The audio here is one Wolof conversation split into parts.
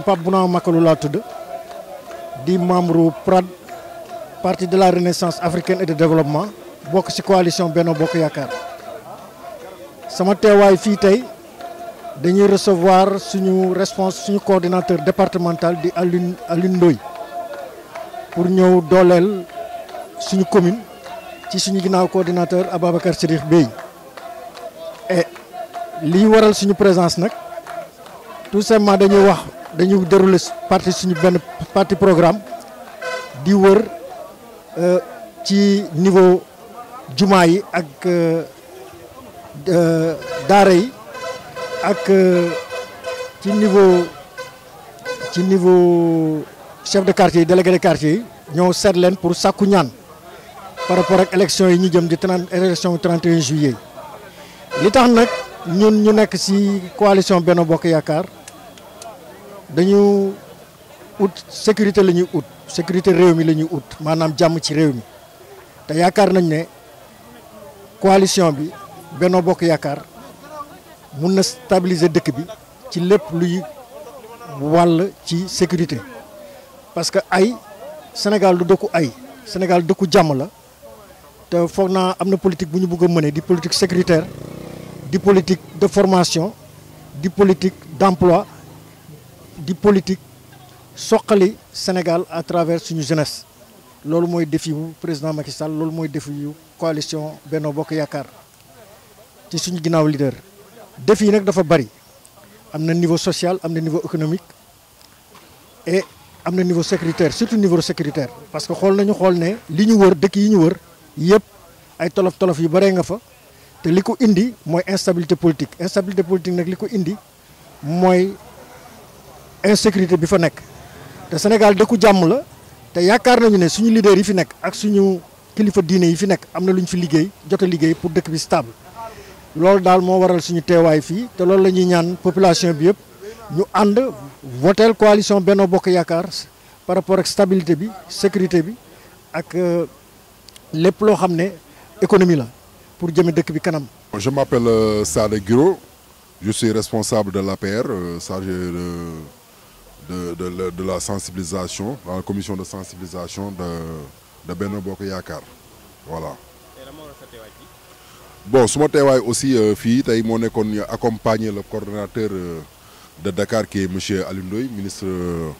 Pape Bouna Makalu laa tudd di membre PRAD parti de la renaissance africaine et de développement bokk ci coalition Beno Bokk Yakar. sama teewaay fii tey dañuy recevoir suñu respons suñu coordinateur départemental di Alioune Alioune Ndoye pour ñëw dolel suñu commune ci suñu ginnaaw coordinateur Ababacar Chérif Bey et lii waral suñu présence nag. tout simplement dañuy wax dañu dérouler parti suñu benn parti programme di wër euh, ci niveau jumaa yi ak euh, euh, daara yi ak ci niveau ci niveau chef de quartier yi délégué de quartier yi ñoo set leen pour sàkku ñaan par rapport ak élection yi ñu jëm di 30 élection 31 juillet li tax nag ñun ñu nekk ci coalition benn Bokk Yaakaar dañu ut sécurité la ñuy ut sécurité réew mi la ñuy ut maanaam jàmm ci réew mi te yaakaar nañ ne coalition bi Benno Bokk Yaakaar mun na stabiliser dëkk bi ci lépp luy wàll ci sécurité parce que ay Sénégal du dëkku ay Sénégal dëkku jàmm la te foog naa am na politique bu ñu bëgg a mëne di politique sécuritaire di politique de formation di politique d'emploi politique soqali Sénégal à travers une jeunesse loolu est défi président Macky Sall loolu défi la coalition Benno Bokk yakar ci suñu leader. défi de dafa bari niveau social à niveau économique et à niveau sécuritaire surtout niveau sécuritaire parce que nous nañu xool ne li wër dëkk yi ñu wër est ay tolof tolof yu nga fa te indi instabilité politique l'instabilité politique nag li indi insécurité bi fa nek te Sénégal dëkku jamm la te yakar nañu né suñu leader yi fi nek ak suñu kilifa diiné yi fi nek amna na fi liggéey jotta liggéey pour dëkk bi stable lool dal mo waral suñu téway fi te lool lañuy ñaan population bi yépp ñu ànd votel coalition Benno Bokk yakar par rapport ak stabilité bi sécurité bi ak euh, lépp loo xam ne économie la pour jëme dëkk bi kanam. je m'appelle euh, Sada Guiro je suis responsable de l'APR euh, chargé de de, la sensibilisation, la commission de sensibilisation de, de Beno Boko Voilà. Bon, ce matin aussi, euh, fille, on a accompagné le coordinateur euh, de Dakar qui est M. Alindoy, ministre euh,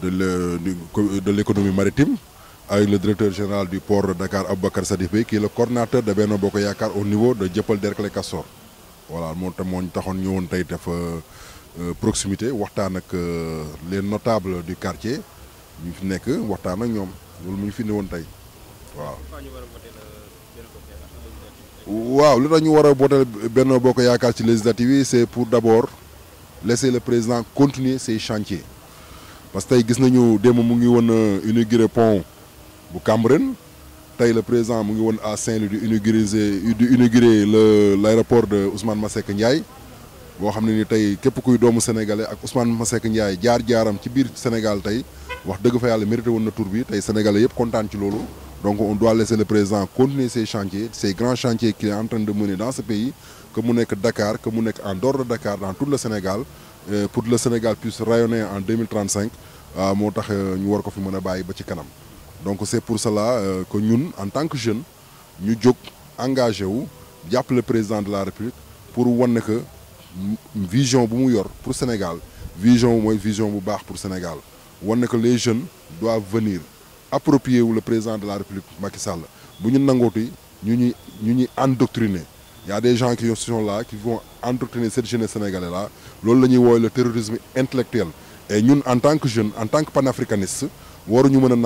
de l'économie maritime, avec le directeur général du port de Dakar, Abba Sadifé, qui est le coordinateur de Beno Boko au niveau de Djepel Derkle Kassor. Voilà, nous avons euh, proximité waxtaan ak euh, les notables du quartier ñu fi que, waxtaan ak ñoom loolu mu ñu fi ne woon le waaw. waaw li tax ñu voter Benno Bokk Yaakaar ci législative c'est pour d'abord laisser le président continuer ses chantiers parce que nous gis nañu démb mu ngi woon euh, inauguré pont bu Cameroun le président mu ngi à Saint-Louis l'aéroport de Ousmane massé Ndiaye bo xamné ni tay képp kuy doomu sénégalais ak Ousmane Masseck Ndiaye jaar-jaaram ci biir Sénégal tay wax dëgg fa Yalla mérité won na tour bi tay sénégalais yépp kontaan ci lolu donc on doit laisser le président continuer ses chantiers ces grands chantiers qu'il est en train de mener dans ce pays que mu nek Dakar que mu nek en dehors de Dakar dans tout le Sénégal euh, pour que le Sénégal puisse rayonner en 2035 euh, moo tax euh, ñu war ko fi mëna a ba ci kanam donc c'est pour cela que nous, en tant que jeunes, ñu jog engagé wu le président de la République pour wan que vision pour le Sénégal vision vision pour le Sénégal que les jeunes doivent venir approprier le président de la République Macky Sall bu ñu endoctriner. ñu y a des gens qui sont là qui vont endoctriner cette jeunesse sénégalais là C'est la le terrorisme intellectuel et nous, en tant que jeunes, en tant que panafricanistes, nous devons nous faire un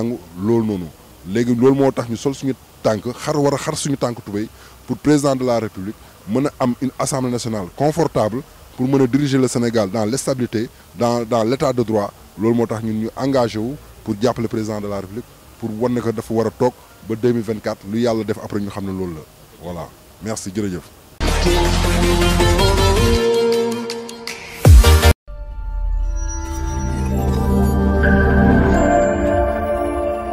noonu Nous loolu moo tax ñu sol suñu tànk xar président de la République une assemblée nationale confortable pour diriger le Sénégal dans l'instabilité, dans l'état de droit Nous sommes engagés ñun ñu engagé pour président de la république pour wan que a 2024 lu yàlla def après nous voilà merci